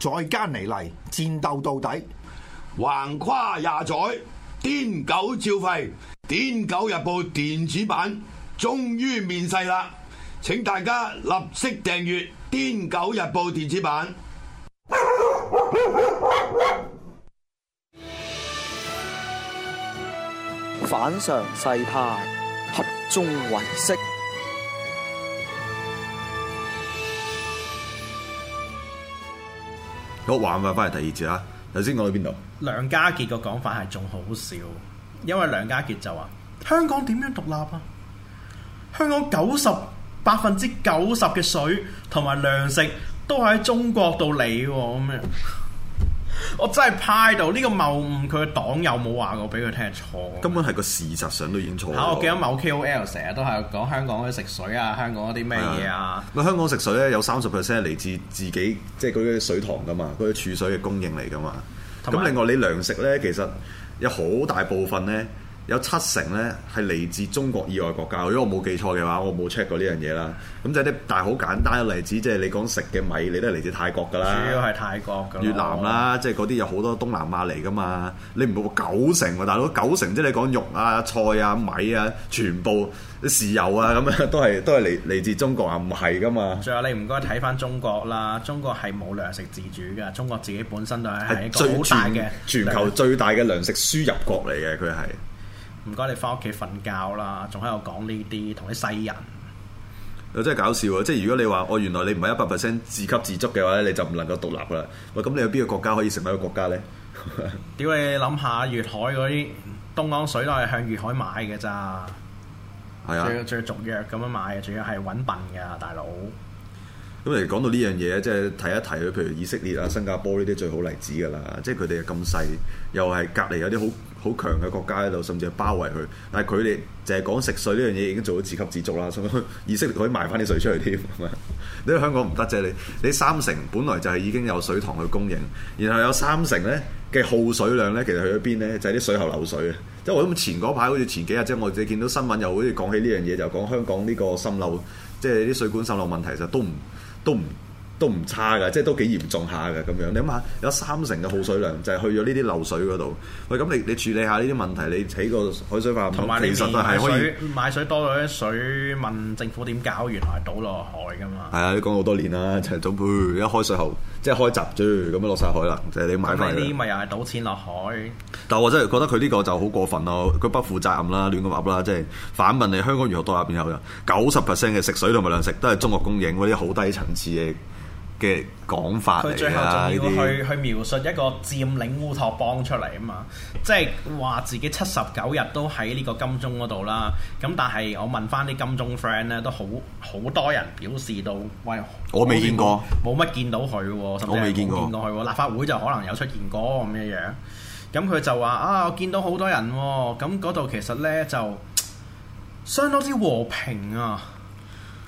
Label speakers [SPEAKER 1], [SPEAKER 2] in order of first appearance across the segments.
[SPEAKER 1] 再艱泥嚟，戰鬥到底。橫跨廿載，癲狗照吠。癲狗日報電子版終於面世啦！
[SPEAKER 2] 請大家立即訂閱癲狗日報電子版。反常世態，合眾唯識。
[SPEAKER 1] 好，玩翻翻嚟第二節啦。頭先我去邊度？
[SPEAKER 2] 梁家傑個講法係仲好笑，因為梁家傑就話香港點樣獨立啊？香港九十百分之九十嘅水同埋糧食都係喺中國度嚟嘅咁樣。我真係派到呢個謬誤，佢嘅黨有冇話過俾佢聽錯？根
[SPEAKER 1] 本係個事實上都已經錯。嚇、啊！我記得
[SPEAKER 2] 某 KOL 成日都係講香港嗰啲食水啊，香港嗰啲咩
[SPEAKER 1] 嘢啊。香港食水咧有三十 percent 嚟自自己，即係嗰啲水塘㗎嘛，嗰啲儲水嘅供應嚟㗎嘛。咁有另外你糧食咧，其實有好大部分咧。有七成咧係嚟自中國以外國家，如果我冇記錯嘅話，我冇 check 過呢樣嘢啦。咁就係啲，但係好簡單嘅例子，即係你講食嘅米，你都係嚟自泰國㗎啦。主要係泰
[SPEAKER 2] 國、越南啦，
[SPEAKER 1] 即係嗰啲有好多東南亞嚟㗎嘛。你唔會九成喎，大佬九成即係你講肉啊、菜啊、米啊，全部啲豉油啊咁樣，都係都係嚟嚟自中國啊，唔係㗎嘛。
[SPEAKER 2] 仲有你唔該睇翻中國啦，中國係冇糧食自主嘅，中國自己本身就係一個好大嘅全球
[SPEAKER 1] 最大嘅糧食輸入國嚟嘅，佢
[SPEAKER 2] 係。唔該，你翻屋企瞓覺啦，仲喺度講呢啲，同啲西人。
[SPEAKER 1] 又真係搞笑啊！即係如果你話我、哦、原來你唔係一百 percent 自給自足嘅話咧，你就唔能夠獨立噶啦。喂，咁你有邊個國家可以成為一個國家咧？
[SPEAKER 2] 屌 你諗下，粵海嗰啲東江水都係向粵海買嘅咋？
[SPEAKER 1] 係啊的，仲
[SPEAKER 2] 要，要續約咁樣買，仲要係搵笨噶大佬。
[SPEAKER 1] 咁嚟講到呢樣嘢，即係提一提，譬如以色列啊、新加坡呢啲最好例子噶啦，即係佢哋咁細，又係隔籬有啲好。好強嘅國家喺度，甚至係包圍佢。但係佢哋淨係講食水呢樣嘢已經做到自給自足啦，甚至以色列可以賣翻啲水出去添。 你香港唔得啫，你你三成本來就係已經有水塘去供應，然後有三成呢嘅耗水量呢，其實去咗邊呢，就係啲水喉漏水啊！即係我諗前嗰排好似前幾日，即係我哋見到新聞又好似講起呢樣嘢，就講香港呢個滲漏，即係啲水管滲漏問題，其實都唔都唔。都唔差㗎，即係都幾嚴重下㗎咁樣。你諗下，有三成嘅耗水量就係去咗呢啲漏水嗰度。喂、哎，咁你你處理下呢啲問題，你起個海水化學同埋呢水，
[SPEAKER 2] 買水多咗啲水，問政府點搞？原來倒落海㗎
[SPEAKER 1] 嘛。係啊，你講好多年啦，陳總貝一開水喉即係開閘啫，咁樣落晒海啦，就係、是、你買翻。咁呢
[SPEAKER 2] 咪又係倒錢落海？
[SPEAKER 1] 但我真係覺得佢呢個就好過分咯，佢不負責任啦，亂咁話啦，即、就、係、是、反問你香港如何多入邊有九十 percent 嘅食水同埋糧食都係中國供應嗰啲好低層次嘅。嘅講法，佢最後仲要些去
[SPEAKER 2] 去描述一個佔領烏托邦出嚟啊嘛，即係話自己七十九日都喺呢個金鐘嗰度啦。咁但係我問翻啲金鐘 friend 咧，都好好多人表示到，喂，我未見過，冇乜見，見到佢喎，甚至冇見過佢喎。立法會就可能有出現過咁嘅樣。咁佢就話啊，我見到好多人喎。咁嗰度其實呢，就相當之和平啊。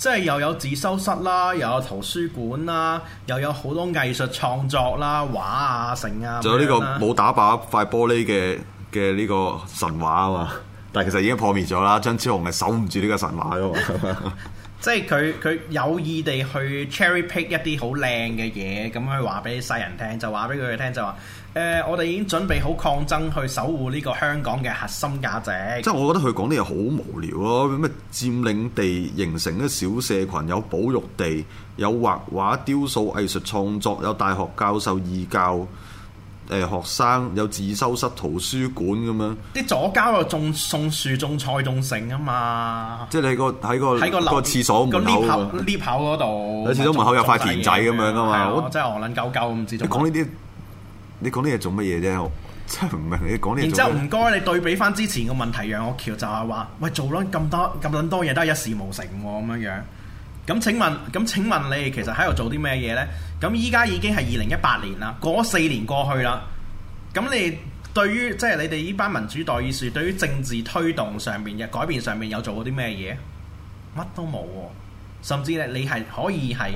[SPEAKER 2] 即係又有自修室啦，又有圖書館啦，又有好多藝術創作啦、畫啊、成啊，仲有呢個冇
[SPEAKER 1] 打爆塊玻璃嘅嘅呢個神話啊嘛！ 但係其實已經破滅咗啦， 張超雄係守唔住呢個神話噶嘛，
[SPEAKER 2] 即係佢佢有意地去 cherry pick 一啲好靚嘅嘢，咁去話俾世人聽，就話俾佢哋聽就話。誒、呃，我哋已經準備好抗爭去守護呢個香港嘅核心價值。即係
[SPEAKER 1] 我覺得佢講啲嘢好無聊咯，咁啊佔領地形成一小社群，有保育地，有畫畫雕塑藝術創作，有大學教授義教誒、呃、學生，有自修室圖書館咁樣。
[SPEAKER 2] 啲左交又送樹種菜種成啊嘛！即係
[SPEAKER 1] 你喺、嗰個喺、嗰個喺個個廁所門口
[SPEAKER 2] 啊！呢跑呢跑嗰度，廁所門口有塊田仔咁樣，樣啊嘛！我真係戇撚鳩鳩，唔知
[SPEAKER 1] 做講呢啲。你講啲嘢做乜嘢啫？我真，真係唔明你講啲嘢。然之後唔
[SPEAKER 2] 該，你對比翻之前個問題，讓我橋就係話：喂，做咗咁多、咁撚多嘢都係一事無成喎，咁樣樣。咁請問，咁請問你其實喺度做啲咩嘢呢？咁依家已經係二零一八年啦，過四年過去啦。咁你對於即係、就是、你哋呢班民主代議士，對於政治推動上面嘅改變上面有做過啲咩嘢？乜都冇喎，甚至你係可以係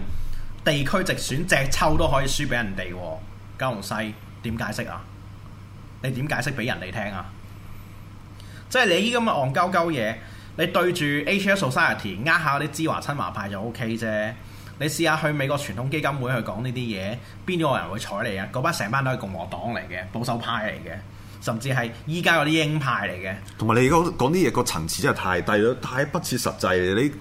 [SPEAKER 2] 地區直選隻抽都可以輸俾人哋，九龍西。點解釋啊？你點解釋俾人哋聽啊？即係你依咁嘅戇鳩鳩嘢，你對住 Asia Society 呃下嗰啲知華親華派就 O K 啫。你試下去美國傳統基金會去講呢啲嘢，邊度有人會睬你啊？嗰班成班都係共和黨嚟嘅，保守派嚟嘅，甚至係依家嗰啲鷹派嚟嘅。
[SPEAKER 1] 同埋你講講啲嘢，個層次真係太低咗，太不切實際嚟。你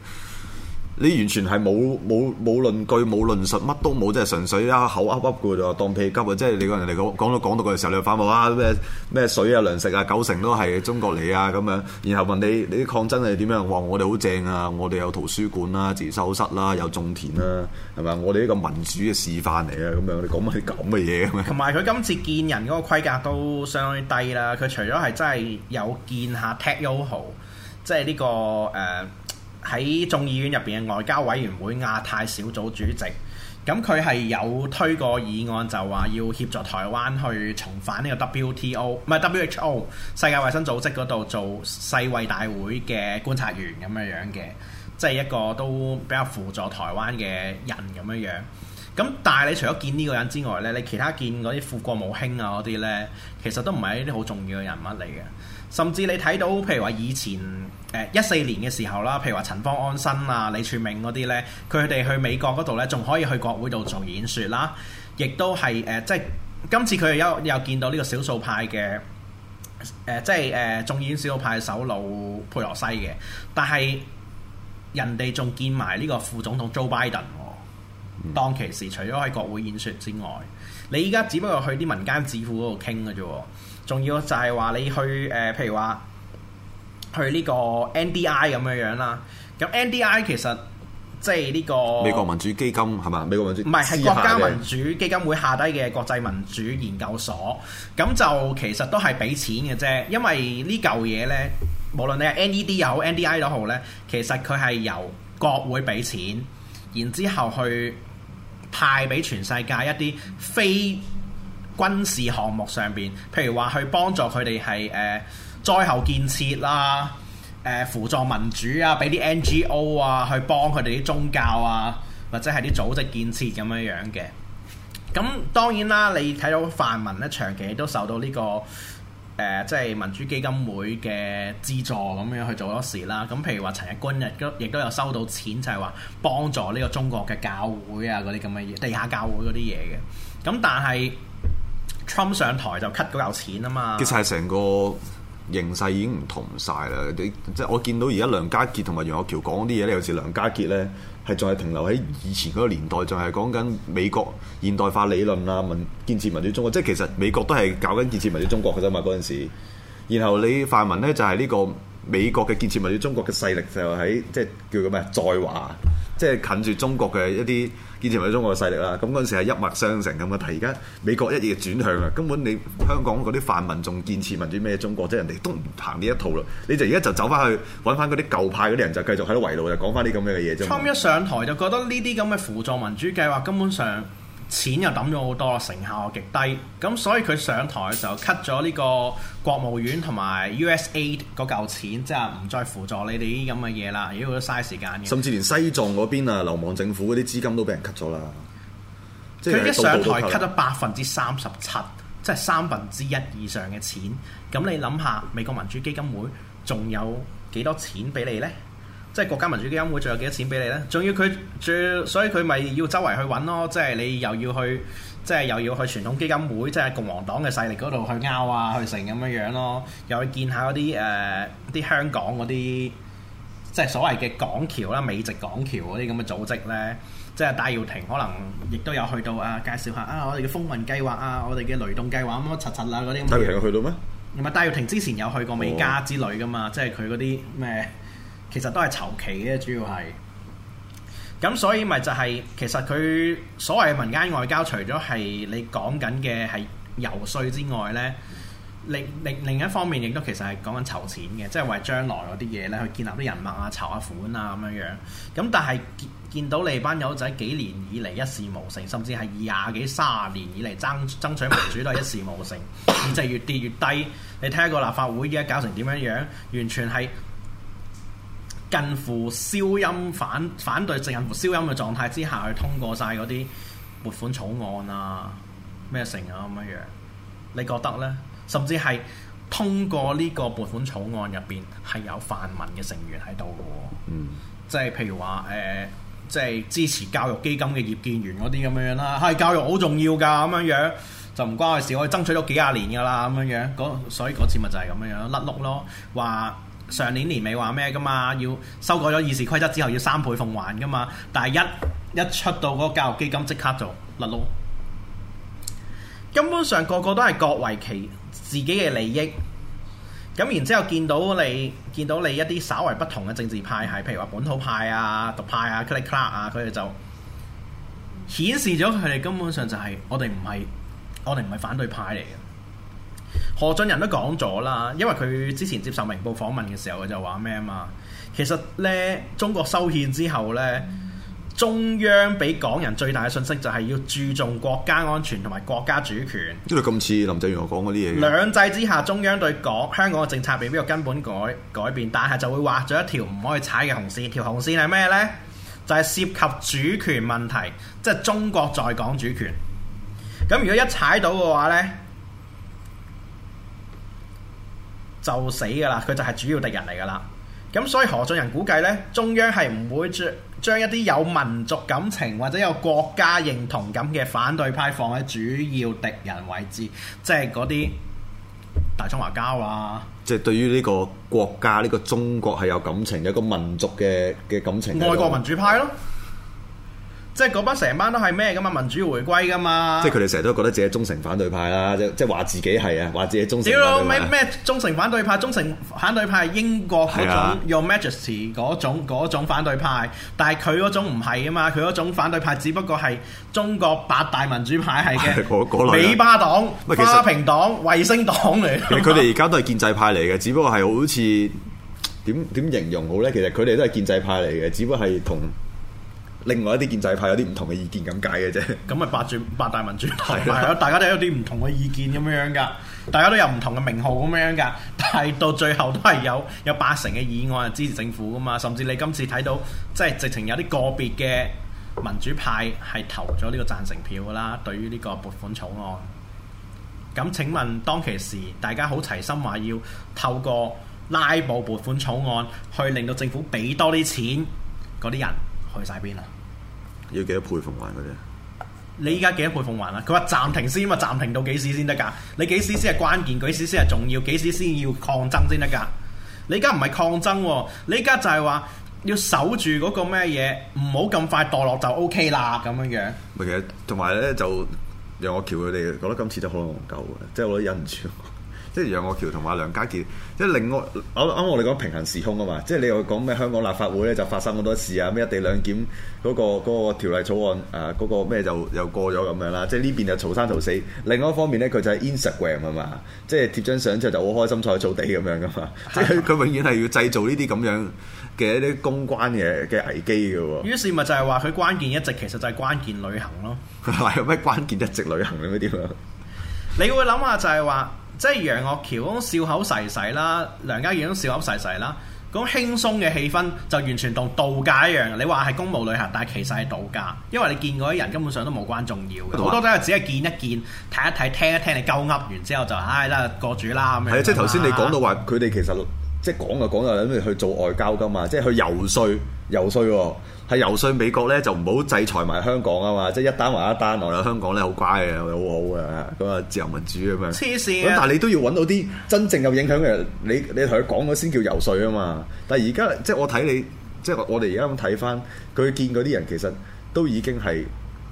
[SPEAKER 1] 你完全係冇冇冇論據冇論述，乜都冇，即係純粹啊口噏噏攰就當屁急啊！即係你個人嚟講講到講到嗰陣時候，你又翻話咩咩水啊糧食啊九成都係中國嚟啊咁樣，然後問你你啲抗爭係點樣？話我哋好正啊！我哋有圖書館啦、啊、自修室啦、啊、有種田啦、啊，係咪我哋呢個民主嘅示範嚟啊！咁我哋講乜咁嘅嘢？同埋
[SPEAKER 2] 佢今次見人嗰個規格都相當低啦。佢除咗係真係有見下踢 U 號，即係呢個誒。喺眾議院入邊嘅外交委員會亞太小組主席，咁佢係有推過議案，就話要協助台灣去重返呢個 WTO，唔係 WHO 世界衞生組織嗰度做世衛大會嘅觀察員咁樣樣嘅，即係一個都比較輔助台灣嘅人咁樣樣。咁但係你除咗見呢個人之外呢，你其他見嗰啲副國務卿啊嗰啲呢，其實都唔係一啲好重要嘅人物嚟嘅。甚至你睇到譬、呃，譬如話以前誒一四年嘅時候啦，譬如話陳方安生啊、李柱銘嗰啲呢，佢哋去美國嗰度呢，仲可以去國會度做演說啦，亦都係誒、呃、即係今次佢又又見到呢個少數派嘅、呃、即係誒眾議院少數派首腦佩洛西嘅，但係人哋仲見埋呢個副總統 Joe Biden 喎、哦，嗯、當其時除咗喺國會演說之外，你而家只不過去啲民間智庫嗰度傾嘅啫喎。仲要就係話你去誒、呃，譬如話去呢個 NDI 咁嘅樣啦。咁 NDI 其實即係呢個美國
[SPEAKER 1] 民主基金係嘛？美國民主唔係，係國家民
[SPEAKER 2] 主基金會下低嘅國際民主研究所。咁就其實都係俾錢嘅啫，因為呢嚿嘢呢，無論你係 NED 又好 NDI 都好呢，其實佢係由國會俾錢，然之後去派俾全世界一啲非。軍事項目上邊，譬如話去幫助佢哋係誒災後建設啦、啊、誒、呃、輔助民主啊，俾啲 NGO 啊去幫佢哋啲宗教啊，或者係啲組織建設咁樣樣嘅。咁當然啦，你睇到泛民咧，長期都受到呢、這個誒，即、呃、係、就是、民主基金會嘅資助咁樣去做咗事啦。咁譬如話，陳日君都亦都有收到錢，就係話幫助呢個中國嘅教會啊嗰啲咁嘅嘢，地下教會嗰啲嘢嘅。咁但係，Trump 上台就 cut 嗰嚿錢啊嘛，其實係
[SPEAKER 1] 成個形勢已經唔同晒啦。你即係我見到而家梁家傑同埋楊岳橋講啲嘢咧，有時梁家傑咧係仲係停留喺以前嗰個年代，仲係講緊美國現代化理論啊，建建設民主中國。即係其實美國都係搞緊建設民主中國嘅啫嘛。嗰陣時，然後你泛民咧就係呢個。美國嘅建設民主，中國嘅勢力就喺即係叫做咩，在華，即係近住中國嘅一啲建設民主中國嘅勢力啦。咁嗰陣時係一脈相承咁嘅，但係而家美國一嘢轉向啊，根本你香港嗰啲泛民仲建設民主咩中國啫？人哋都唔行呢一套啦，你就而家就走翻去揾翻嗰啲舊派嗰啲人，就繼續喺度圍路就講翻啲咁嘅嘢啫。一
[SPEAKER 2] 上台就覺得呢啲咁嘅輔助民主計劃根本上。錢又抌咗好多，成效極低，咁所以佢上台嘅時候 cut 咗呢個國務院同埋 USAID 嗰嚿錢，即係唔再輔助你哋啲咁嘅嘢啦，如果嘥時間，甚至
[SPEAKER 1] 連西藏嗰邊啊流亡政府嗰啲資金都俾人 cut 咗啦。
[SPEAKER 2] 佢一上台 cut 咗百分之三十七，即係三分之一以上嘅錢。咁你諗下，美國民主基金會仲有幾多錢俾你呢？即係國家民主基金會，仲有幾多錢俾你咧？仲要佢，仲要，所以佢咪要周圍去揾咯。即係你又要去，即係又要去傳統基金會，即係共和黨嘅勢力嗰度去拗啊，去成咁樣樣咯。又去見下嗰啲誒，啲、呃、香港嗰啲，即係所謂嘅港僑啦、美籍港僑嗰啲咁嘅組織咧。即係戴耀廷可能亦都有去到啊，介紹下啊，我哋嘅風雲計劃啊，我哋嘅雷動計劃咁啊，乜乜柒柒啊嗰啲。戴耀廷有去到咩？唔係戴耀廷之前有去過美加之類噶嘛，哦、即係佢嗰啲咩？其實都係籌期嘅主要係，咁所以咪就係、是、其實佢所謂嘅民間外交，除咗係你講緊嘅係游説之外呢，另另另一方面，亦都其實係講緊籌錢嘅，即係為將來嗰啲嘢呢，去建立啲人脈啊、籌下款啊咁樣樣。咁但係見,見到你班友仔幾年以嚟一事無成，甚至係廿幾卅年以嚟爭爭,爭取民主都係一事無成，而就係越跌越低。你睇下個立法會而家搞成點樣樣，完全係。近乎消音反反對正近乎消音嘅狀態之下，去通過晒嗰啲撥款草案啊，咩成啊咁樣樣，你覺得呢？甚至係通過呢個撥款草案入邊係有泛民嘅成員喺度嘅喎，嗯，即係譬如話誒、呃，即係支持教育基金嘅葉建源嗰啲咁樣樣啦，係教育好重要㗎，咁樣樣就唔關佢事，我哋爭取咗幾廿年㗎啦，咁樣樣所以嗰次咪就係咁樣樣甩碌咯，話。上年年尾話咩㗎嘛？要修改咗議事規則之後要三倍奉還㗎嘛？但係一一出到嗰個教育基金即刻就甩囉，根本上個個都係各為其自己嘅利益。咁然之後見到你見到你一啲稍為不同嘅政治派系，譬如話本土派啊、獨派啊、clear club 啊，佢哋就顯示咗佢哋根本上就係、是、我哋唔係我哋唔係反對派嚟嘅。何俊仁都講咗啦，因為佢之前接受明報訪問嘅時候，佢就話咩啊嘛？其實呢，中國修憲之後呢，中央俾港人最大嘅信息就係要注重國家安全同埋國家主權。
[SPEAKER 1] 因為咁似林鄭月娥講嗰啲嘢。兩
[SPEAKER 2] 制之下，中央對港香港嘅政策未必有根本改改變，但係就會畫咗一條唔可以踩嘅紅線。條紅線係咩呢？就係、是、涉及主權問題，即係中國在港主權。咁如果一踩到嘅話呢？就死㗎啦，佢就係主要敵人嚟㗎啦。咁所以何俊仁估計呢，中央係唔會將將一啲有民族感情或者有國家認同感嘅反對派放喺主要敵人位置，即係嗰啲大中華膠啊。
[SPEAKER 1] 即係對於呢個國家，呢個中國係有感情，有一個民族嘅嘅感情，愛國民
[SPEAKER 2] 主派咯。即係嗰班成班都係咩噶嘛？民主回歸噶嘛？即係
[SPEAKER 1] 佢哋成日都覺得自己忠誠反對派啦，即即係話自己係啊，話自己忠誠反對派。小佬咩咩
[SPEAKER 2] 忠誠反對派、忠誠反對派、英國嗰種的 Your Majesty 嗰種嗰種反對派，但係佢嗰種唔係啊嘛，佢嗰種反對派只不過係中國八大民主派系嘅，尾巴黨、花瓶黨、衞實星黨嚟。其實佢哋而
[SPEAKER 1] 家都係建制派嚟嘅，只不過係好似點點形容好咧？其實佢哋都係建制派嚟嘅，只不過係同，另外一啲建制派有啲唔同嘅意見咁解嘅啫，
[SPEAKER 2] 咁咪八轉八大民主派 對吧 大大家都有啲唔同嘅意見咁樣樣噶，大家都有唔同嘅名號咁樣樣噶，但係到最後都係有有八成嘅議案支持政府噶嘛，甚至你今次睇到即係直情有啲個別嘅民主派係投咗呢個贊成票噶啦，對於呢個撥款草案。咁請問當其時大家好齊心話要透過拉布撥款草案去令到政府俾多啲錢嗰啲人去晒邊啊？
[SPEAKER 1] 要幾多倍奉還嗰啲啊？
[SPEAKER 2] 你依家幾多倍奉還啊？佢話暫停先啊！暫停到幾時先得㗎？你幾時先係關鍵？幾時先係重要？幾時先要抗爭先得㗎？你依家唔係抗爭喎、啊，你依家就係話要守住嗰個咩嘢，唔好咁快墮落就 OK 啦咁樣樣。
[SPEAKER 1] 唔係嘅，同埋咧就讓我橋佢哋覺得今次都可能唔夠嘅，即係我都忍唔住。即係楊岳橋同埋梁家傑，即係另外啱啱我哋講平行時空啊嘛！即係你又講咩香港立法會咧就發生好多事啊，咩一地兩檢嗰、那個嗰、那個、條例草案啊，嗰、那個咩就又，又過咗咁樣啦、啊！即係呢邊就嘈三嘈四。另外一方面咧佢就喺 Instagram 啊嘛，即係貼張相之後就好開心坐喺草地咁樣噶嘛，即係佢永遠係要製造呢啲咁樣嘅一啲公關嘅嘅危機嘅喎、
[SPEAKER 2] 啊。於是咪就係話佢關鍵一席其實就係關鍵旅行咯，佢話有
[SPEAKER 1] 咩 關鍵一席旅行你，你會點啊？
[SPEAKER 2] 你會諗下就係話。即係楊岳橋嗰種笑口噬噬啦，梁家傑嗰種笑口噬噬啦，嗰種輕鬆嘅氣氛就完全同度假一樣。你話係公務旅行，但係其實係度假，因為你見嗰啲人根本上都無關重要嘅，好多都係只係見一見、睇一睇、聽一聽你鳩噏完之後就唉啦過主啦咁樣。係啊，即係頭先你講到話
[SPEAKER 1] 佢哋其實。即係講就講，又諗住去做外交噶嘛，即係去遊說、遊說喎、哦，係遊說美國咧就唔好制裁埋香港啊嘛，即係一單還一單，我哋香港咧好乖嘅，好好嘅，咁啊自由民主咁樣。黐線啊！但係你都要揾到啲真正有影響嘅人，你你同佢講咗先叫遊說啊嘛。但係而家即係我睇你，即係我哋而家咁睇翻，佢見嗰啲人其實都已經係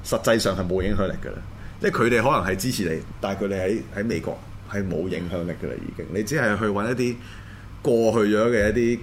[SPEAKER 1] 實際上係冇影響力㗎啦。即係佢哋可能係支持你，但係佢哋喺喺美國係冇影響力㗎啦，已經。你只係去揾一啲。過去咗嘅一啲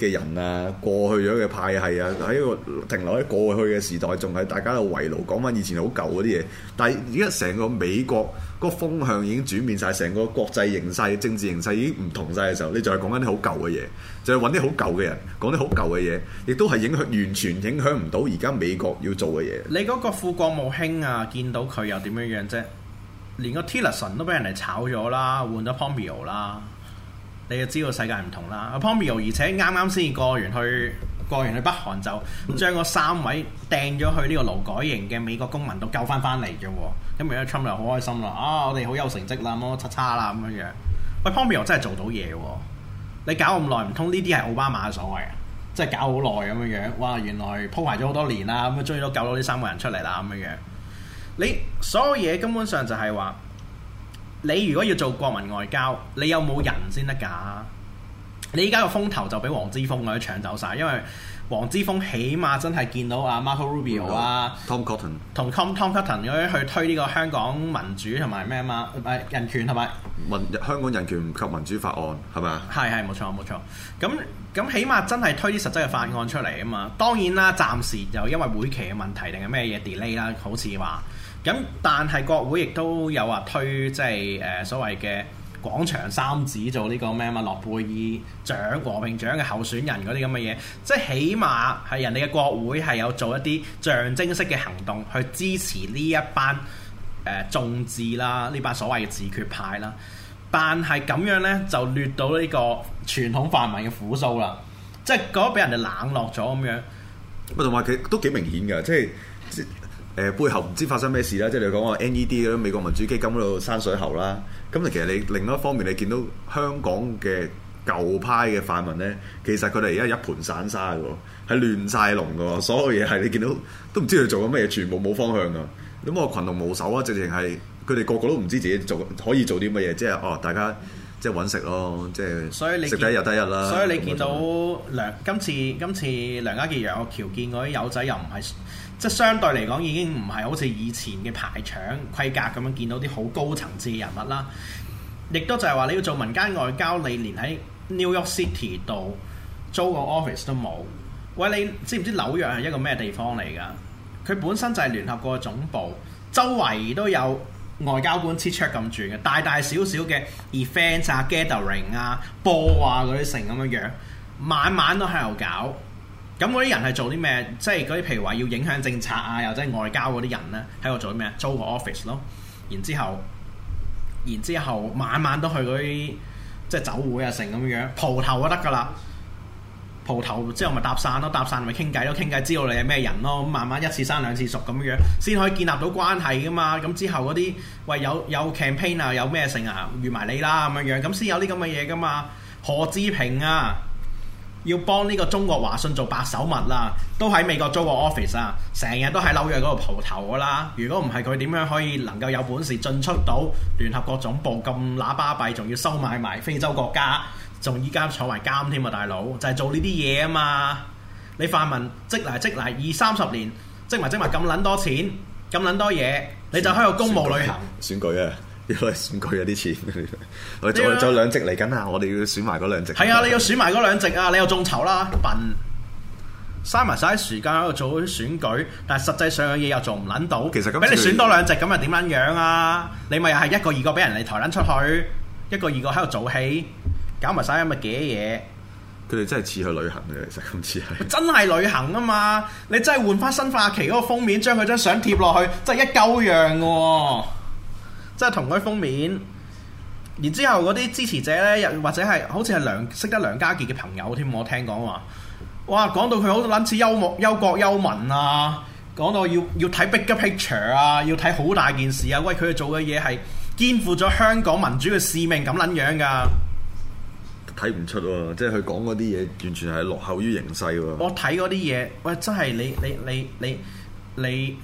[SPEAKER 1] 嘅人啊，過去咗嘅派系啊，喺個停留喺過去嘅時代，仲係大家喺度圍爐講返以前好舊嗰啲嘢。但係而家成個美國個風向已經轉變晒，成個國際形勢、政治形勢已經唔同晒嘅時候，你仲係講緊啲好舊嘅嘢，就係揾啲好舊嘅人講啲好舊嘅嘢，亦都係影響完全影響唔到而家美國要做嘅嘢。
[SPEAKER 2] 你嗰個富國務卿啊，見到佢又點樣樣啫？連個 Tillerson 都俾人哋炒咗啦，換咗 Pompeo 啦。你就知道世界唔同啦，阿 Pompeo 而且啱啱先過完去過完去北韓就將嗰三位掟咗去呢個勞改營嘅美國公民都救翻翻嚟啫喎，咁而家 Trump 好開心啦，啊我哋好有成績啦，乜乜叉叉啦咁樣樣，喂 Pompeo 真係做到嘢喎，你搞咁耐唔通呢啲係奧巴馬嘅所謂啊，即係搞好耐咁樣樣，哇原來鋪排咗好多年啦，咁啊終於都救到呢三個人出嚟啦咁樣樣，你所有嘢根本上就係話。你如果要做國民外交，你有冇人先得㗎？你依家個風頭就俾黃之鋒佢搶走晒，因為黃之鋒起碼真係見到 Marco、嗯、啊 Marco Rubio 啊，Tom Cotton 同 Tom Tom Cotton 去推呢個香港民主同埋咩啊嘛，人權同埋民香港人權唔及民主法案係咪啊？係係冇錯冇錯，咁咁起碼真係推啲實質嘅法案出嚟啊嘛。當然啦，暫時就因為會期嘅問題定係咩嘢 delay 啦，好似話。咁，但係國會亦都有話推即係誒、呃、所謂嘅廣場三子做呢個咩啊嘛諾貝爾獎和平獎嘅候選人嗰啲咁嘅嘢，即係起碼係人哋嘅國會係有做一啲象徵式嘅行動去支持呢一班誒、呃、眾志啦，呢班所謂嘅自決派啦。但係咁樣呢，就掠到呢個傳統泛民嘅苦蘇啦，即係嗰個俾人哋冷落咗咁樣。同埋佢
[SPEAKER 1] 都幾明顯嘅，即係。誒、呃、背後唔知發生咩事啦，即、就、係、是、你講話 NED 嗰啲美國民主基金嗰度山水喉啦。咁其實你另外一方面，你見到香港嘅舊派嘅泛民咧，其實佢哋而家一盤散沙嘅喎，係亂曬龍嘅喎，所有嘢係你見到都唔知佢做緊乜嘢，全部冇方向嘅。咁、那、我、個、群龍無首啊，直情係佢哋個個都唔知自己做可以做啲乜嘢，即係哦大家即係揾食咯，即係食第一日得一,一啦。所以，樣所以你見到
[SPEAKER 2] 梁今次今次梁家傑約我橋見嗰啲友仔又唔係。即係相對嚟講已經唔係好似以前嘅排場規格咁樣見到啲好高層次嘅人物啦，亦都就係話你要做民間外交，你連喺 New York City 度租個 office 都冇。喂，你知唔知紐約係一個咩地方嚟㗎？佢本身就係聯合國嘅總部，周圍都有外交官似桌咁轉嘅，大大小小嘅 event 啊、gathering 啊、播啊嗰啲成咁樣樣，晚晚都喺度搞。咁嗰啲人係做啲咩？即係嗰啲，譬如話要影響政策啊，又或者係外交嗰啲人咧，喺度做啲咩？租個 office 咯，然之後，然之後晚晚都去嗰啲即係酒會啊，成咁樣樣，蒲頭都得噶啦。蒲頭之後咪搭散咯，搭散咪傾偈咯，傾偈知道你係咩人咯。咁慢慢一次生兩次熟咁樣樣，先可以建立到關係噶嘛。咁之後嗰啲喂有有 campaign 啊，有咩成啊，預埋你啦咁樣樣，咁先有啲咁嘅嘢噶嘛。何志平啊！要幫呢個中國華信做白手物啦，都喺美國租個 office 啊，成日都喺紐約嗰度蒲頭噶啦。如果唔係佢點樣可以能夠有本事進出到聯合國總部咁喇叭閉，仲要收買埋非洲國家，仲依家坐埋監添啊，大佬就係做呢啲嘢啊嘛。你泛民積嚟積嚟二三十年，積埋積埋咁撚多錢，咁撚算多嘢，你就喺度公務旅行
[SPEAKER 1] 選舉啊！要選舉有啲錢，我哋仲有兩席嚟緊啊！我哋要選埋嗰兩席。係 啊，你要選埋
[SPEAKER 2] 嗰兩席啊！你又眾籌啦，笨，嘥埋晒時間喺度做啲選舉，但係實際上嘅嘢，又做唔捻到。其實咁俾你選多兩席咁又點捻樣啊？你咪又係一個二個俾人哋抬捻出去， 一個二個喺度做戲，搞埋晒咁嘅嘢。
[SPEAKER 1] 佢哋真係似去旅行嘅，其實今次係。
[SPEAKER 2] 真係旅行啊嘛！你真係換翻新化期嗰個封面，將佢張相貼落去，真係一鳩樣嘅、啊。即係同佢封面，然之後嗰啲支持者呢，又或者係好似係梁識得梁家傑嘅朋友添，我聽講話，哇！講到佢好撚似憂國憂幽民啊，講到要要睇 big picture 啊，要睇好大件事啊，喂！佢做嘅嘢係肩負咗香港民主嘅使命咁撚樣㗎。睇唔出喎、啊，即係佢講嗰啲嘢完全係落後於形勢喎、啊。我睇嗰啲嘢，喂！真係你你你你。你你你你你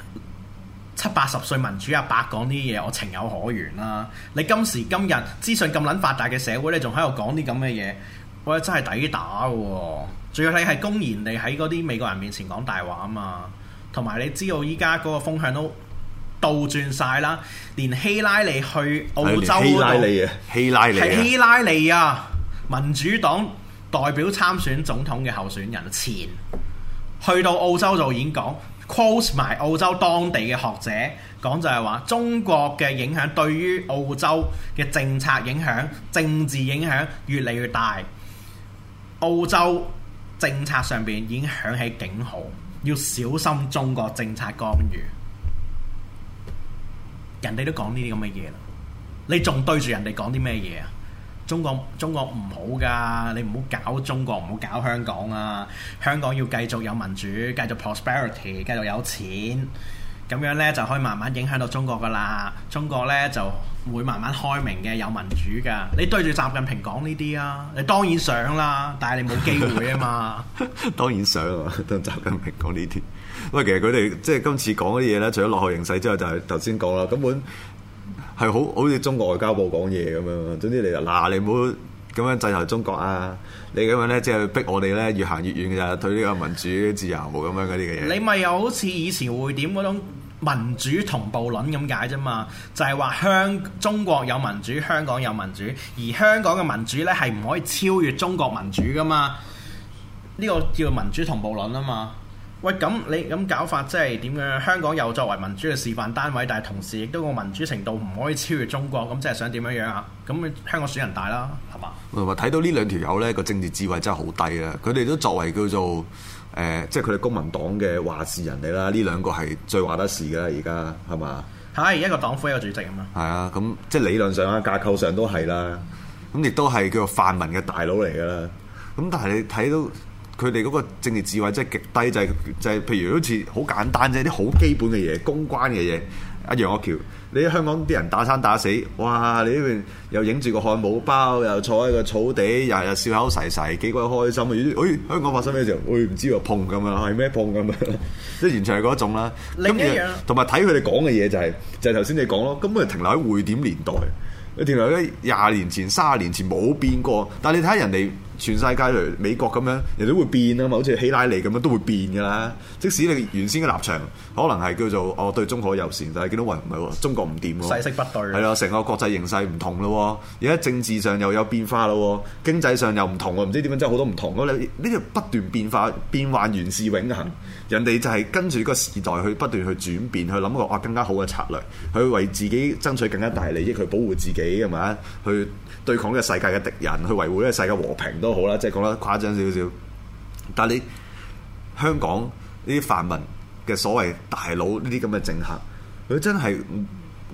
[SPEAKER 2] 七八十歲民主阿伯講啲嘢，我情有可原啦、啊。你今時今日資訊咁撚發達嘅社會，你仲喺度講啲咁嘅嘢，我真係抵打嘅、啊。仲要你係公然地喺嗰啲美國人面前講大話啊嘛。同埋你知道依家嗰個風向都倒轉晒啦，連希拉里去澳洲，希拉里都啊，希拉里啊，希拉里啊，民主黨代表參選總統嘅候選人前去到澳洲就演講。quote 埋澳洲當地嘅學者講就係話，中國嘅影響對於澳洲嘅政策影響、政治影響越嚟越大，澳洲政策上邊已經響起警號，要小心中國政策干預。人哋都講呢啲咁嘅嘢啦，你仲對住人哋講啲咩嘢啊？中國中國唔好噶，你唔好搞中國，唔好搞香港啊！香港要繼續有民主，繼續 prosperity，繼續有錢，咁樣呢就可以慢慢影響到中國噶啦。中國呢就會慢慢開明嘅，有民主噶。你對住習近平講呢啲啊，你當然想啦，但係你冇機會啊嘛。
[SPEAKER 1] 當然想啊，同習近平講呢啲。喂，其實佢哋即係今次講嘅嘢呢，除咗落後形勢之外，就係頭先講啦，根本。係好好似中國外交部講嘢咁樣，總之你就嗱、啊，你唔好咁樣制裁中國啊！你咁樣咧，即、就、係、是、逼我哋咧越行越遠嘅啫，對呢個民主自由冇咁樣嗰啲嘅嘢。
[SPEAKER 2] 你咪又好似以前會點嗰種民主同步論咁解啫嘛？就係、是、話香港中國有民主，香港有民主，而香港嘅民主咧係唔可以超越中國民主噶嘛？呢、這個叫民主同步論啊嘛！喂，咁你咁搞法即係點樣？香港又作為民主嘅示範單位，但係同時亦都個民主程度唔可以超越中國，咁即係想點樣樣啊？咁香港選人大啦，係
[SPEAKER 1] 嘛？咪睇到呢兩條友咧個政治智慧真係好低啦！佢哋都作為叫做誒、呃，即係佢哋公民黨嘅話事人哋啦。呢兩個係最話得事㗎啦，而家係嘛？
[SPEAKER 2] 嚇，一個黨魁一個主席啊嘛。
[SPEAKER 1] 係啊，咁即係理論上啊，架構上都係啦。咁亦都係叫做泛民嘅大佬嚟㗎啦。咁但係你睇到。佢哋嗰個政治智慧真係極低，就係、是、就係、是、譬如好似好簡單啫，啲好基本嘅嘢，公關嘅嘢。阿楊岳橋，你喺香港啲人打生打死，哇！你呢邊又影住個漢堡包，又坐喺個草地，又又笑口噬噬，幾鬼開心啊！咦、哎？香港發生咩事？誒、哎，唔知喎，碰咁樣，係咩碰咁樣？即 係完全係嗰種啦。咁一同埋睇佢哋講嘅嘢就係、是、就係頭先你講咯，根本停留喺匯點年代，你停留喺廿年前、卅年前冇變過。但係你睇下人哋。全世界嚟美國咁樣，人都會變啊嘛，好似希拉里咁樣都會變㗎喇。即使你原先嘅立場，可能係叫做我對中國友善，但係見到喂，唔係喎，中國唔掂喎，
[SPEAKER 2] 勢色不對。係啦，
[SPEAKER 1] 成個國際形勢唔同咯，而家政治上又有變化咯，經濟上又唔同喎，唔知點樣真係好多唔同。我你呢啲不斷變化變幻，原是永恆。人哋就係跟住呢個時代去不斷去轉變，去諗個哇更加好嘅策略，去為自己爭取更加大利益，去保護自己係嘛，去。對抗呢個世界嘅敵人，去維護呢個世界和平都好啦，即係講得誇張少少。但係你香港呢啲泛民嘅所謂大佬，呢啲咁嘅政客，佢真係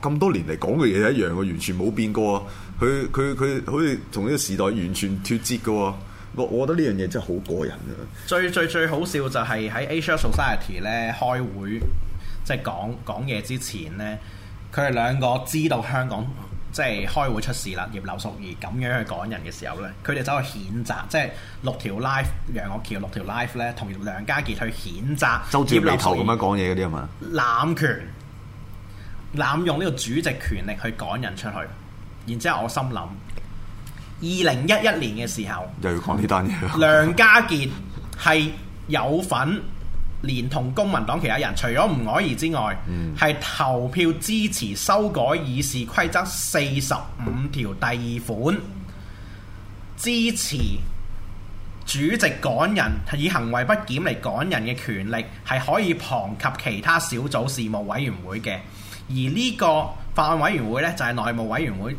[SPEAKER 1] 咁多年嚟講嘅嘢一樣，佢完全冇變過。佢佢佢好似同呢個時代完全脱節嘅。我我覺得呢樣嘢真係好過癮啊！
[SPEAKER 2] 最最最好笑就係喺 Asia Society 咧開會，即係講講嘢之前咧，佢哋兩個知道香港。即係開會出事啦，葉劉淑儀咁樣去趕人嘅時候呢，佢哋走去譴責，即係六條 life 楊岳橋六條 life 呢，同梁家傑去譴責，周流頭咁樣
[SPEAKER 1] 講嘢嗰啲係嘛？
[SPEAKER 2] 濫權濫用呢個主席權力去趕人出去，然之後我心諗，二零一一年嘅時候，
[SPEAKER 1] 又要講呢單嘢。
[SPEAKER 2] 梁家傑係有份。連同公民黨其他人，除咗吳凱儀之外，係、嗯、投票支持修改議事規則四十五條第二款，支持主席趕人以行為不檢嚟趕人嘅權力係可以旁及其他小組事務委員會嘅。而呢個法案委員會呢，就係、是、內務委員會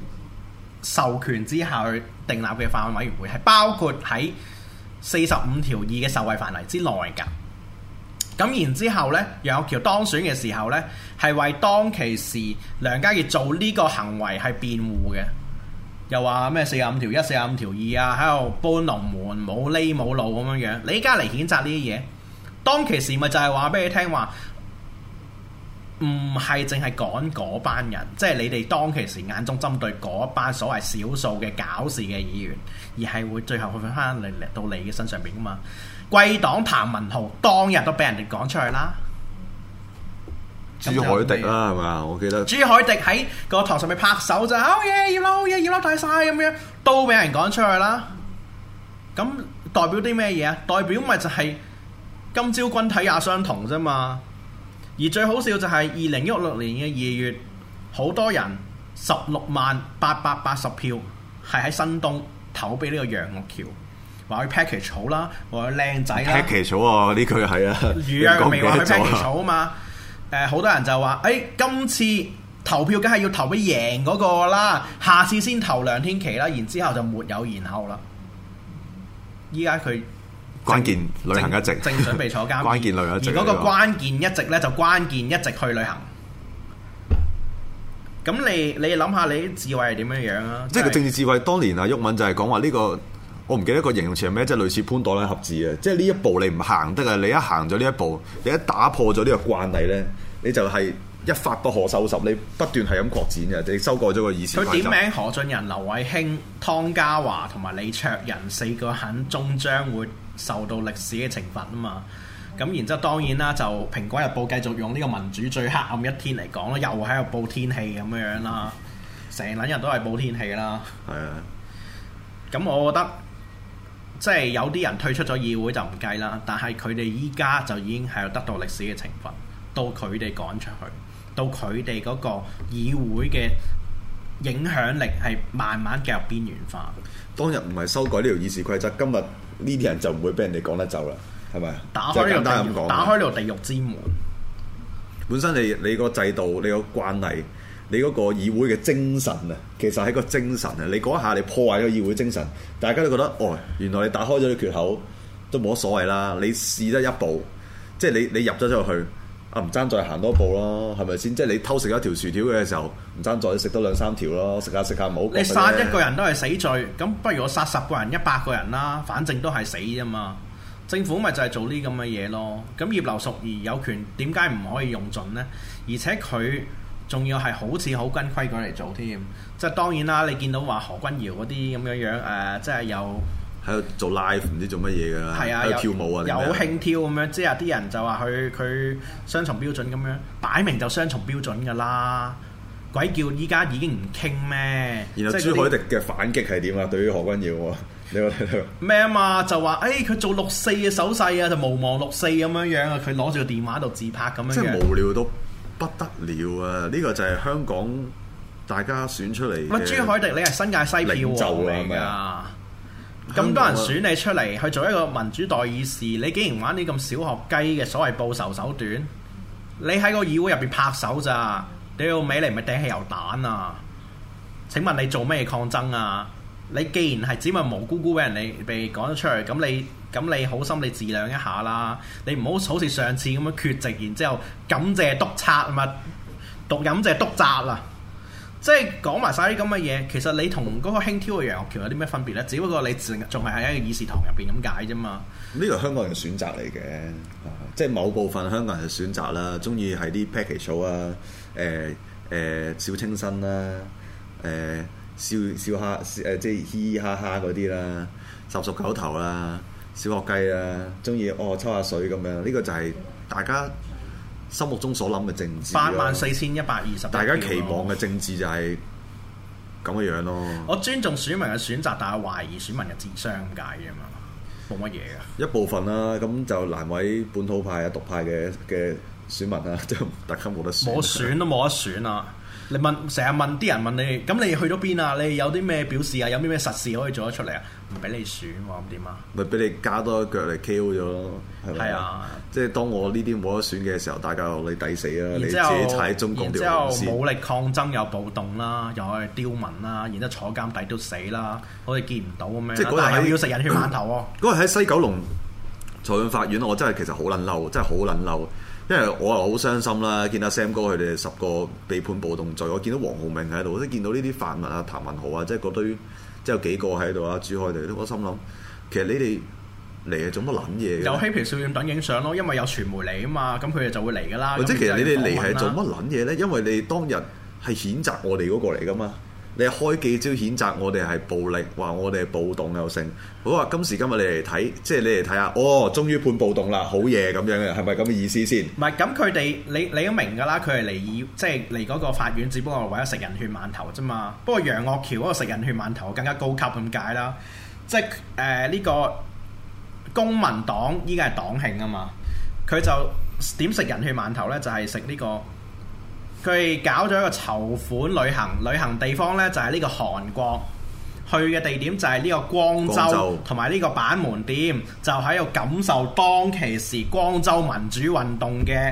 [SPEAKER 2] 授權之後去定立嘅法案委員會，係包括喺四十五條二嘅受惠範圍之內㗎。咁然之後呢，楊岳橋當選嘅時候呢，係為當其時梁家傑做呢個行為係辯護嘅，又話咩四十五條一、四十五條二啊，喺度搬龍門冇呢冇路咁樣樣。你而家嚟譴責呢啲嘢，當其時咪就係話俾你聽話，唔係淨係講嗰班人，即係你哋當其時眼中針對嗰班所謂少數嘅搞事嘅議員，而係會最後去翻嚟到你嘅身上邊噶嘛？貴黨譚文豪當日都俾人哋趕出去啦，
[SPEAKER 1] 朱凱迪啦係嘛麼？我記得朱
[SPEAKER 2] 凱迪喺個堂上面拍手就：好嘢，要撈，好嘢，要撈大晒咁樣，都俾人趕出去啦。咁代表啲咩嘢啊？代表咪就係今朝軍體也相同啫嘛。而最好笑就係二零一六年嘅二月，好多人十六萬八百八十票係喺新東投俾呢個楊岳橋。話去 package 好啦，或者靚仔啦。package
[SPEAKER 1] 好啊，呢句係啊。預約未話佢 package 好啊
[SPEAKER 2] 嘛？誒，好多人就話，誒，今次投票梗係要投俾贏嗰個啦，下次先投梁天琦啦。然之後就沒有然後啦。依家佢
[SPEAKER 1] 關鍵旅行一席，正準備坐監。關鍵旅行而嗰個關
[SPEAKER 2] 鍵一席咧，就關鍵一席去旅行。咁你你諗下，你啲智慧係點樣樣啊？即係政
[SPEAKER 1] 治智慧，當年啊，郁文就係講話呢個。我唔記得個形容詞係咩，即係類似潘朵拉盒子啊！即係呢一步你唔行得啊，你一行咗呢一步，你一打破咗呢個慣例呢，你就係一發不可收拾。你不斷係咁擴展嘅，你修改咗個意思。佢點名
[SPEAKER 2] 何俊仁、劉慧卿、湯家驊同埋李卓人四個人肯終將會受到歷史嘅懲罰啊嘛！咁然之後當然啦，就《蘋果日報》繼續用呢個民主最黑暗一天嚟講啦，又喺度報天氣咁樣樣啦，成輪人都係報天氣啦。係啊，咁我覺得。即係有啲人退出咗議會就唔計啦，但係佢哋依家就已經係有得到歷史嘅懲罰，到佢哋趕出去，到佢哋嗰個議會嘅影響力係慢慢夾入邊緣化。
[SPEAKER 1] 當日唔係修改呢條議事規則，今日呢啲人就唔會俾人哋趕得走啦，係咪？打開呢個，打開呢個
[SPEAKER 2] 地獄之門。之
[SPEAKER 1] 門，本身你，你個制度你個慣例。你嗰個議會嘅精神啊，其實係個精神啊！你嗰一下你破壞咗議會精神，大家都覺得哦，原來你打開咗啲缺口都冇乜所謂啦！你試得一步，即係你你入咗入去啊，唔爭再行多一步咯，係咪先？即係你偷食咗一條薯條嘅時候，唔爭再食多兩三條咯，食下食下冇。你殺一個人
[SPEAKER 2] 都係死罪，咁不如我殺十個人、一百個人啦，反正都係死啫嘛！政府咪就係做呢咁嘅嘢咯。咁葉劉淑儀有權，點解唔可以用盡呢？而且佢。仲要係好似好跟規矩咁嚟做添，即係當然啦！你見到話何君堯嗰啲咁樣樣誒，即係又喺度做
[SPEAKER 1] live 唔知做乜嘢嘅，有、啊、跳舞啊，有興
[SPEAKER 2] 跳咁樣，即係啲人就話佢佢雙重標準咁樣，擺明就雙重標準噶啦！鬼叫依家已經唔傾咩？然後朱海迪
[SPEAKER 1] 嘅反擊係點啊？對於何君堯，你話
[SPEAKER 2] 咩啊嘛？就話誒，佢、哎、做六四嘅手勢啊，就無忘六四咁樣樣啊！佢攞住個電話喺度自拍咁樣，即係無
[SPEAKER 1] 聊都。不得了啊！呢個就係香港
[SPEAKER 2] 大家選出嚟。喂，朱凱迪，你係新界西票喎，係咪啊？咁多人選你出嚟去做一個民主代議士，你竟然玩啲咁小學雞嘅所謂報仇手段？你喺個議會入邊拍手咋？屌，尾你咪掟汽油彈啊？請問你做咩抗爭啊？你既然係指問毛姑姑俾人哋被講咗出嚟，咁你？咁你好心，你自量一下啦！你唔好好似上次咁樣缺席，然之後感謝督察嘛？讀感謝督察啦，即係講埋晒啲咁嘅嘢。其實你同嗰個輕佻嘅楊岳橋有啲咩分別咧？只不過你仲仲係喺一個議事堂入邊咁解啫嘛。
[SPEAKER 1] 呢個香港人選擇嚟嘅，即係某部分香港人嘅選擇啦，中意係啲 package tour 啊、呃，誒、呃、誒小清新啦，誒、呃、笑笑哈誒、呃、即係嘻嘻哈哈嗰啲啦，十俗九頭啦。小學雞啊，中意哦抽下水咁樣，呢、這個就係大家心目中所諗嘅政治、啊。八萬四
[SPEAKER 2] 千一百二十，大家期望嘅
[SPEAKER 1] 政治就係咁嘅樣咯、啊。我
[SPEAKER 2] 尊重選民嘅選擇，但係懷疑選民嘅智商解㗎嘛，冇乜嘢㗎。一
[SPEAKER 1] 部分啦、啊，咁就難為本土派啊、獨派嘅嘅選民啊，即 係大家冇得選。我選都
[SPEAKER 2] 冇得選啊！你問成日問啲人問你，咁你去咗邊啊？你有啲咩表示啊？有啲咩實事可以做得出嚟啊？唔俾你選喎，咁點啊？
[SPEAKER 1] 咪俾、啊、你加多一腳嚟 KO 咗咯，係啊！即係當我呢啲冇得選嘅時候，大家學你抵死啊！後你自己踩中共條路線，武
[SPEAKER 2] 力抗爭又暴動啦，又去刁民啦，然之後坐監底都死啦，我哋見唔到咁樣。即係嗰日係要食人血饅頭喎！
[SPEAKER 1] 嗰日喺西九龍裁判法院，我真係其實好撚嬲，真係好撚嬲。因為我又好傷心啦，見阿 Sam 哥佢哋十個被判暴動罪，我見到黃浩銘喺度，我都見到呢啲泛民啊、譚文豪啊，即係嗰堆即係幾個喺度啊，朱凱廸，我都心諗，其實你哋嚟係做乜撚嘢嘅？有嬉
[SPEAKER 2] 皮笑臉等影相咯，因為有傳媒嚟啊嘛，咁佢哋就會嚟噶啦。即係其實你哋嚟係做乜
[SPEAKER 1] 撚嘢咧？因為你當日係譴責我哋嗰個嚟噶嘛。你開記招譴責我哋係暴力，話我哋係暴動又成。好啊，今時今日你嚟睇，即係你嚟睇下，哦，終於判暴動啦，好嘢咁樣，係咪咁嘅意思先？
[SPEAKER 2] 唔係、嗯，咁佢哋你你都明㗎啦，佢係嚟要即係嚟嗰個法院，只不過係為咗食人血饅頭啫嘛。不過楊岳橋嗰個食人血饅頭更加高級咁解啦。即係誒呢個公民黨依家係黨慶啊嘛，佢就點食人血饅頭咧？就係食呢個。佢搞咗一個籌款旅行，旅行地方呢就係、是、呢個韓國，去嘅地點就係呢個光州同埋呢個板門店，就喺度感受當其時光州民主運動嘅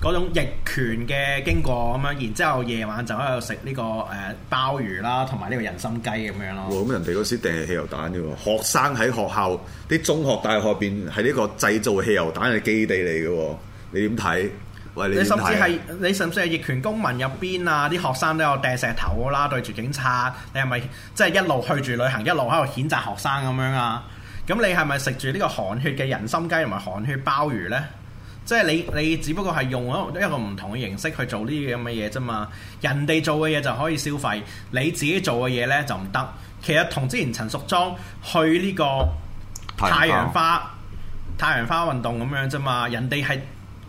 [SPEAKER 2] 嗰種逆權嘅經過咁樣，然之後夜晚就喺度食呢個誒鮑魚啦，同埋呢個人參雞咁樣咯。咁、
[SPEAKER 1] 哦、人哋嗰時掟汽油彈嘅喎，學生喺學校啲中學、大學邊係呢個製造汽油彈嘅基地嚟嘅喎，你點睇？你，你甚至係
[SPEAKER 2] 你甚至係逆權公民入邊啊！啲學生都有掟石頭啦，對住警察。你係咪即係一路去住旅行，一路喺度譴責學生咁樣啊？咁你係咪食住呢個寒血嘅人參雞同埋寒血鮑魚呢？即係你你只不過係用一個唔同嘅形式去做呢啲咁嘅嘢啫嘛。人哋做嘅嘢就可以消費，你自己做嘅嘢呢就唔得。其實同之前陳淑莊去呢個太陽花太陽花運動咁樣啫嘛。人哋係。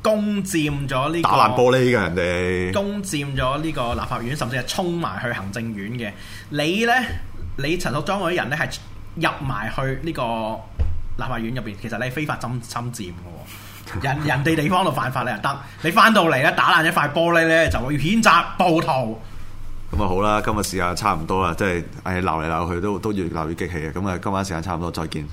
[SPEAKER 2] 攻佔咗呢個打爛玻璃
[SPEAKER 1] 嘅人哋，攻
[SPEAKER 2] 佔咗呢個立法院，甚至係衝埋去行政院嘅。你咧，你陳淑莊嗰啲人咧，係入埋去呢個立法院入邊，其實你係非法侵侵佔嘅。 人人哋地方度犯法你又得，你返到嚟咧打爛一塊玻璃咧，就會譴責暴徒。
[SPEAKER 1] 咁啊好啦，今日時間差唔多啦，即係誒鬧嚟鬧去都都越鬧越激氣嘅。咁啊，今晚時間差唔多，再見。